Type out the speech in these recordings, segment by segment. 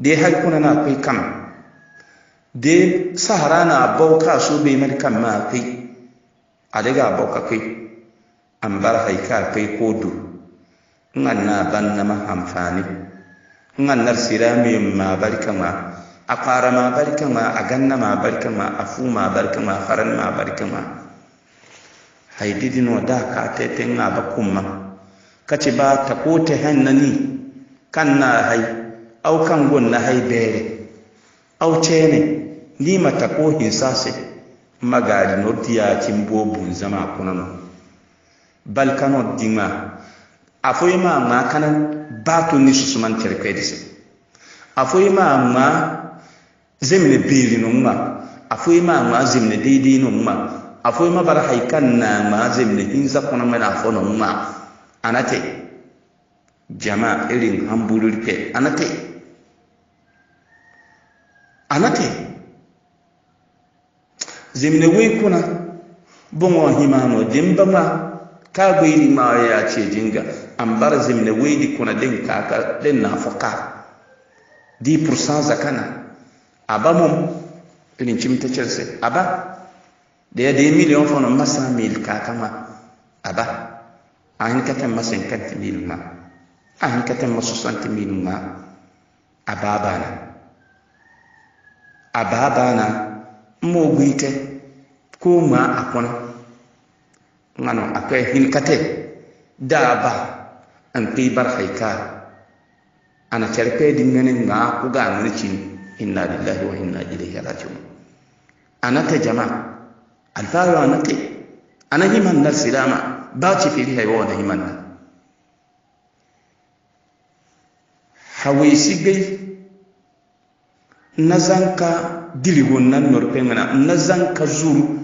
de haikuna na kai kan de sahara na bauka su bai mai kan ma kai a daga bauka kai an bar haika kai ko du ngan na ban na ma amfani ngan nar mai ma barka ma a fara ma barka ma a ganna ma barka ma a fu ma barka ma faran ma barka ma haididino da ka ta nga ba kuma kace ba ta ko ta hannani kan na hai Au kan kaŋ gonna hay beere aw ceene ndi mata ko hinsase magaari norti yaacin boo bunzama kunano bal kano a afoye ma ŋmaa kana baato ni susuman terkwedi a afoye ma ma zemine beeri no a afoye ma ŋmaa zemine deidei ma a afoye ma bara hay na ma zemine hinza kuna mene afo no ŋma anate jama irin hambururke anate anake zimne wei kuna bongo himano jimba ma ka gweiri ma ya ce jinga ambar zimne wei di kuna den kaka den na foka di pourcent zakana aba mum irin cimta cerse aba da ya da ya miliyan fana masa mil kaka ma aba an katan masa kanti mil ma an katan masu santi mil ma aba bana ababa na mo gwite ko ma akona ngano akwe hin kate daba an pi bar haika ana charpe dingane nga ku ga ni cin inna lillahi wa inna ilaihi raji'un anata jama alfaru anate ana himan nar silama ba ci fili haiwa wani himan nan hawai sigai na zanka diligon nan na na zanka zuru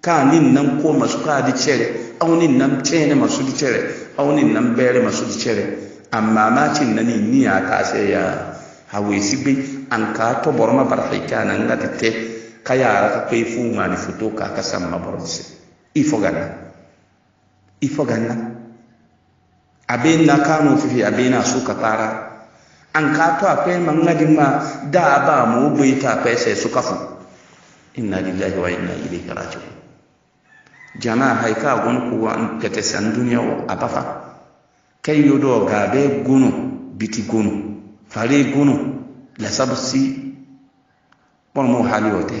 ka nin nan ko masu ka di cere aunin nan cene masu di cere aunin nan bere masu di cere amma macin na ni y'a ta sai ya hawe sibi an ka to borma barhika nan na tete ka yara ka kai fu ma ni futo ka ka san maborse ifo ganna ifo ganna abin na kanu fifi abin na su ka fara An ka to man mangadi ma da ba mu bai ta kai sai su kafu inna lillahi wa inna ilaihi raji'un jana haika gon kuwa an kete san duniya wa abafa kai yodo ga be gunu biti gunu fare gunu la sabsi pon mo hali wote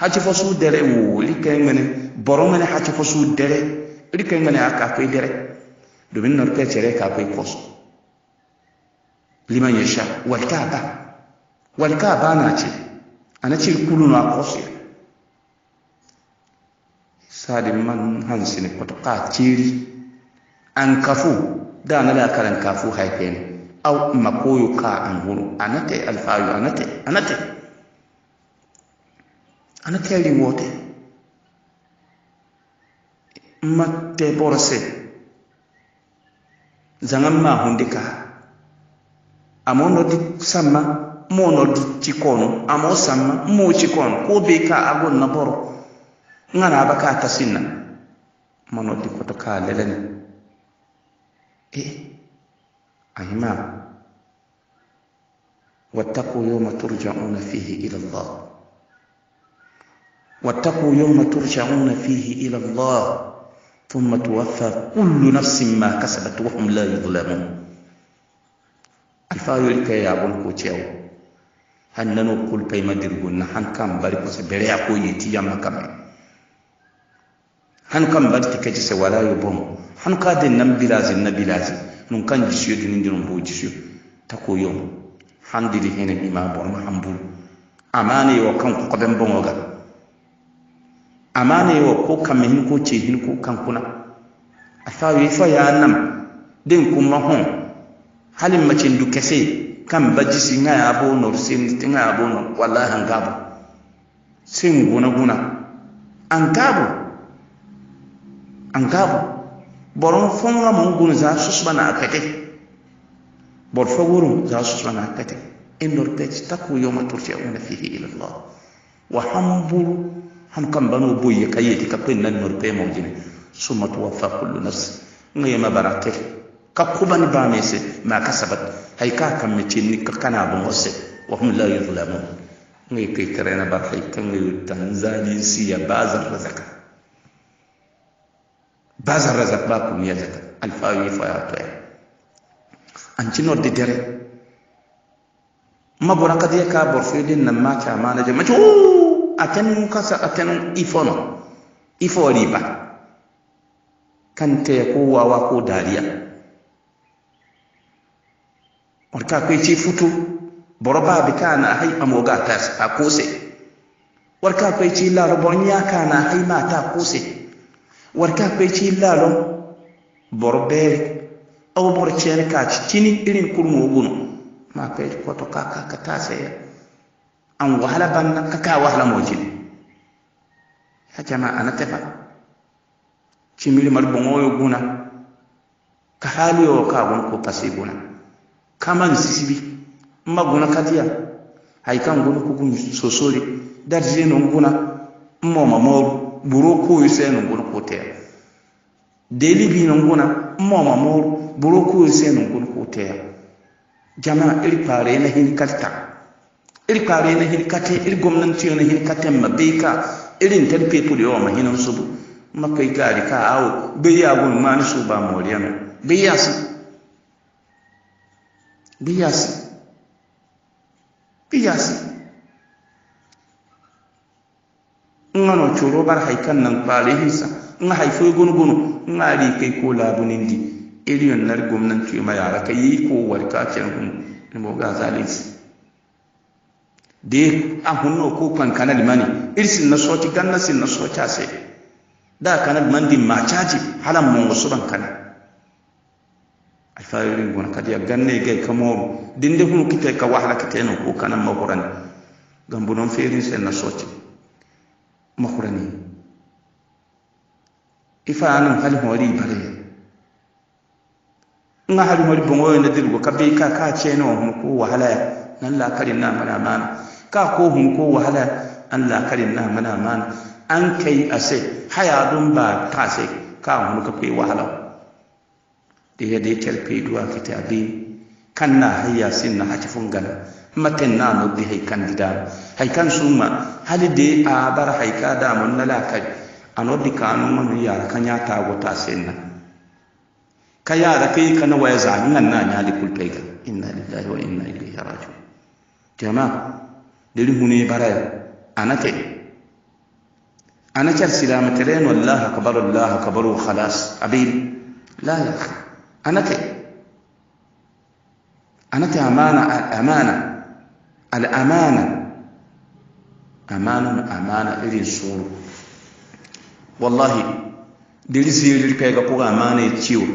haji fo su dere wo li kai mene boro mene haji fo su dere li kai mene aka kai dere domin norke cere ka kai kosu liman yasha wal kaaba wal kaaba na ce ana ce kulu na kosi sadi man hansi ne kwato ka ciri an kafu da na da karan kafu haife ne au makoyo ka an huru anate alfayu anate anate anate liwote matte borse zangan ma hundika amma di samma mo di chikono amma samma mo cikono ko be ka agon na boro ngana ba ka tasinna mo nodi ko to ka lelene e ahima واتقوا يوم ترجعون فيه إلى الله واتقوا يوم ترجعون fihi ila Allah ثم توفى كل نفس ما كسبت وهم لا يظلمون alfayoyi ka yabon ko cewa hannano kulpai madirgun na hankan bari se bere ya koyi ti yamma kamai hankan bari ta ci se wala y'o yubon hanka den nan bilazi, na bilazi. nun kan shi dunin dinin bo shi ta koyo handiri hene ima bon mahamburu amane y'o kan ko ben bon ga amane yo ko kan hin ko ce hin ko kan kuna afawi fa ya nam din kuma hon hali macin du kese kan bajisi nga ya bo no sin nga ya bo no wallahi an gabo sin guna guna an gabo an gabo boron fonga mun gun za su su bana akate bor fagurun za su su bana akate innor pech taku a turja'una fihi ila Allah wa hamburu han kan bano boye kayyeti kapin nan nor pe mo jine summa tuwaffa kullu nafs ngayma barate ka kuban ba mai se ma ka sabat hay ka kan mi cin ni ka kana bon ose wa hum la yuzlamun ngai kai tare na ba kai kan ngai tanzani ya bazar razaka bazar razak ba ku ya zaka alfawi fa ya to an cin de dare ma bora ka de ka bor fe din nan ma ka ma na je ma a aten ka sa aten ifono ifori ba kan te ko wawa ko dariya marka kai ci futu boroba bi kana hay amoga a kose warka kai larabon ya ka na hay mata kose warka kai ci la lo borbe aw borchen ka ci cini irin kurmo guno ma kai ko to ka ka ka tase an wahala banna ka ka wahala moji cini ya jama'a na tafa cimiri mar bongo guna ka hali yo ka gun ko kasi guna kama nsisibi mmaguna katya haikanguna kuku sosori dati zeno nguna mmoma mamoru buru okuuyu seno nguna kutea deli bino nguna mmoma mamoru buru okuuyu seno nguna kutea jama iri pare na hini katika iri pare na hini ili iri gwamnati na hini kate mabeka irin tarfe ku da yawa mahinan su makai gari ka awo bai yi beya ma ni su ba moriya bai yi Kiyasi. Kiyasi. Nga no choro bar haikan nan pali hisa. Nga haifo gunu gunu. Nga li kai ko labunin di. yon nar gwamnan tuyo ma yara kai yi ko ka chen gunu. Nimo mo ga zalisi. De ahun hunno ko pan kanali mani. sin na soci ganna sin na soci ase. Da kanali mandi machaji ma caji halan mun ban alfayorin gona kadi a ganne gai kamoru dinde hunu kite ka wahala kite no ko kanan makurani gambu non ferin sai na soti makurani ifa anan hali hori bare nga hali hori bongo yende dirgo kabe ka ka cheno hunu ko wahala ya nan la karin na mana mana ka ko hunu ko wahala an la karin na mana mana an kai ase haya dun ba ta se ka hunu ka kai wahala dai dede terpeyduwa kan kanna hayya na hati fungala matan na bi hay dida hay kan suma hali de a bar hay ka damon nala kai a noddi kanu mun ya kan ya tago ta na ka yara kai kana waya zani nan na nyali kultai ga inna lillahi wa inna ilaihi raji'un jama diri hune bara anate ana char silama telen wallahi akbar allah akbar khalas abin la ya anake anake amana amana al'amana amanan amana irin tsoro wallahi diri sirri kai ga kuka amana ya ciwo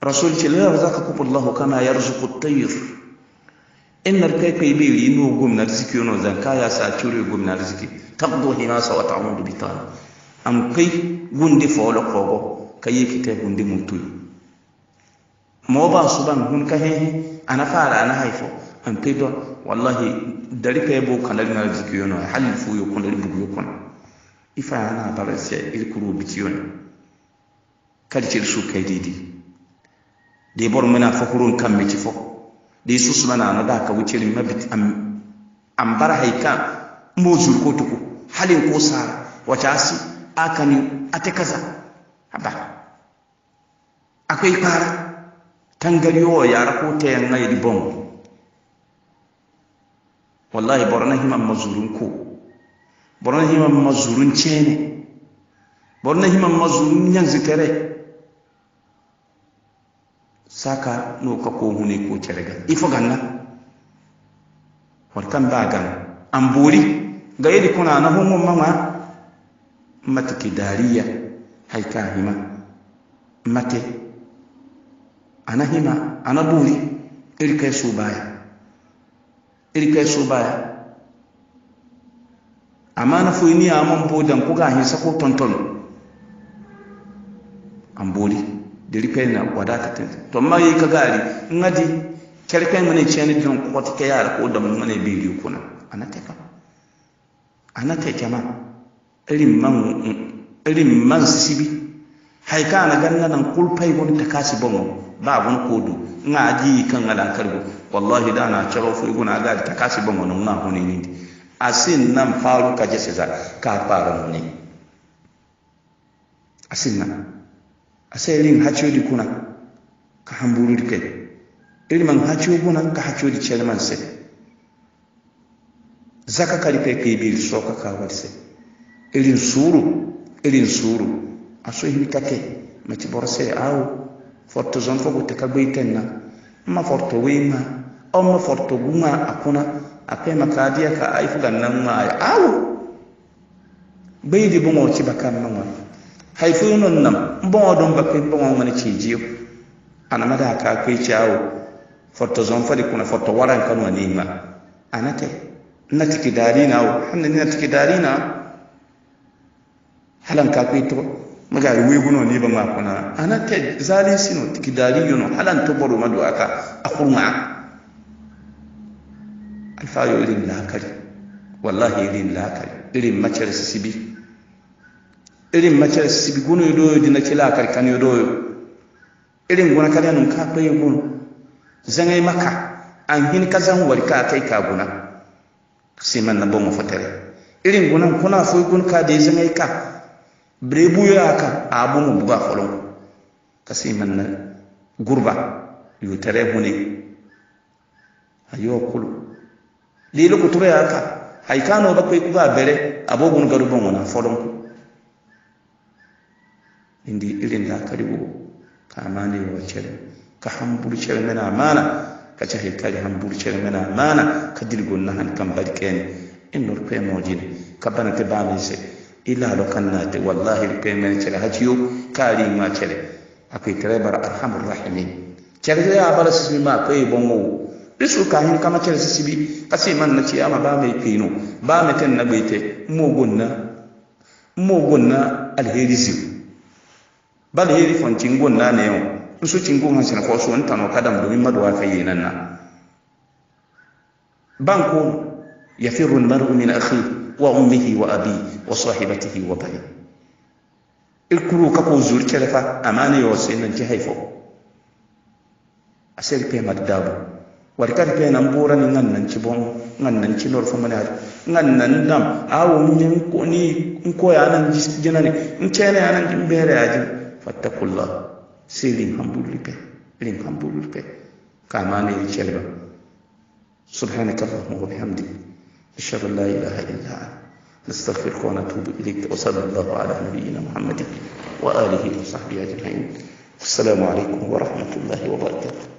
rasul ce lalata za ka kufa allahu kana ya rizuku In inar kai kai bai rino gum na riziki yano zanka ya sa cire gum na riziki tabdo hima sa wata amundu bitana An kai gundi fa wala kogo kai yake kai gundi mutu. su ban hun ka hehi ana fara ana haifo an don. wallahi dari pe yabo kan na zikiyo no hal fu yo kun dari bugu kon ifa ana bara se irkuru bitiyo ne kadi ci su kai didi de bor mena fakurun kan mi ci fo de su su na da ka wuce rin mabit am am bara haika mo jur ko tuku halin ko sa wata asi akani ate kaza haba akwai fara tangari wo yara ko te ngai di bom wallahi borna himan mazurun ko borna hima mazurun cene borna hima mazurun nyang zikere saka no ka ko hune ko cerega ifo ganna wartan bagan amburi ga yedi kuna na homo mama mataki dariya haika hima mate anahima anaburi ili kae so baya ili kae so baya amana fo ini amon bodan ko ga hin sako tonton amboli da kai na wadata tin to ma yi ka gari ngadi kerkai ce ni don ko ta kai yara ko da mun mane bidiyo kuna kama, ka ta jama irin man irin man sibi haika na ganna nan kulfai wani takasi bongo babun kodu ina ji kan alan kargo wallahi da na cewa fu iguna ga ta kashi ban wannan na hune ni asin nan faru ka je sai ka fara ne asin nan rin hacho di kuna ka hamburu di kai man hacho kuna ka hacho di chairman sai zaka kari pe pe bil so ka ka war sai irin suru irin suru aso hin kake mace bor sai awo forto zon fo gute ka gbei tenna ma forto wema amma forto guma akuna apema ka dia ka ai fuga ganna ma ai awu gbei di bongo ci bakan ma ngam hay fu non nam bongo don ma bongo ngani ci jiyo ma da ka kai ci awu forto zon fo di kuna forto waran kanu anima anate natiki na awu hanna natiki darina halan ka kai to magari guno ne ba makuna zali sino tiki dali yono halan to toboru madu aka akurma alfayo irin lakari wallahi irin lakari irin macar sibi irin macar sibi guno yodo na kila kar kan yodo irin guna kada nun ka kwaye guno zangai maka an hin ka zan ka kai ka guna sai man na bomo fatare irin gunan kuna fo gun ka da zangai ka berebuya kan abumu buga fɔlɔ kasi manna gurba yutare hune ayo kulu lilo kutura ya ka ay kano bakwai kuga bere abogun garu ban wana fɔlɔ indi irin da karibu ka amani wa cere ka hamburu cere mena amana ka cahe kari hamburu cere mena amana ka dirgon na han kan barkeni in norpe mojine ka bana te bani se na ta, wallahi paymen cere haciyo kaarima cere akoy alhamdul bara Cire zai ya bara sismi ma koye bongowo isu kahin kama bi sisibi kasi man na ba mai fino ba mai ten na ɓeyte mo gonna mo gonna alheri siw bal heri fon cingon naneyo nso cingon hansina ko wani tano kadam domin maduwa nan na banko yafirru lmaru min akhi wa ummihi wa abi wa sahibatihi wa bani irkuru kako zur kerefa amana yo senan ci hayfo asel pe magdabu war kar pe nan bora ni nan nan ci bon nan nan ci lor famana nan nan dam awo min ko ni ko ya nan jina ne in ce ne nan jin ba subhanaka allahumma wa bihamdika أشهد أن لا إله إلا أنت نستغفرك ونتوب إليك وصلى الله على نبينا محمد وآله وصحبه أجمعين السلام عليكم ورحمة الله وبركاته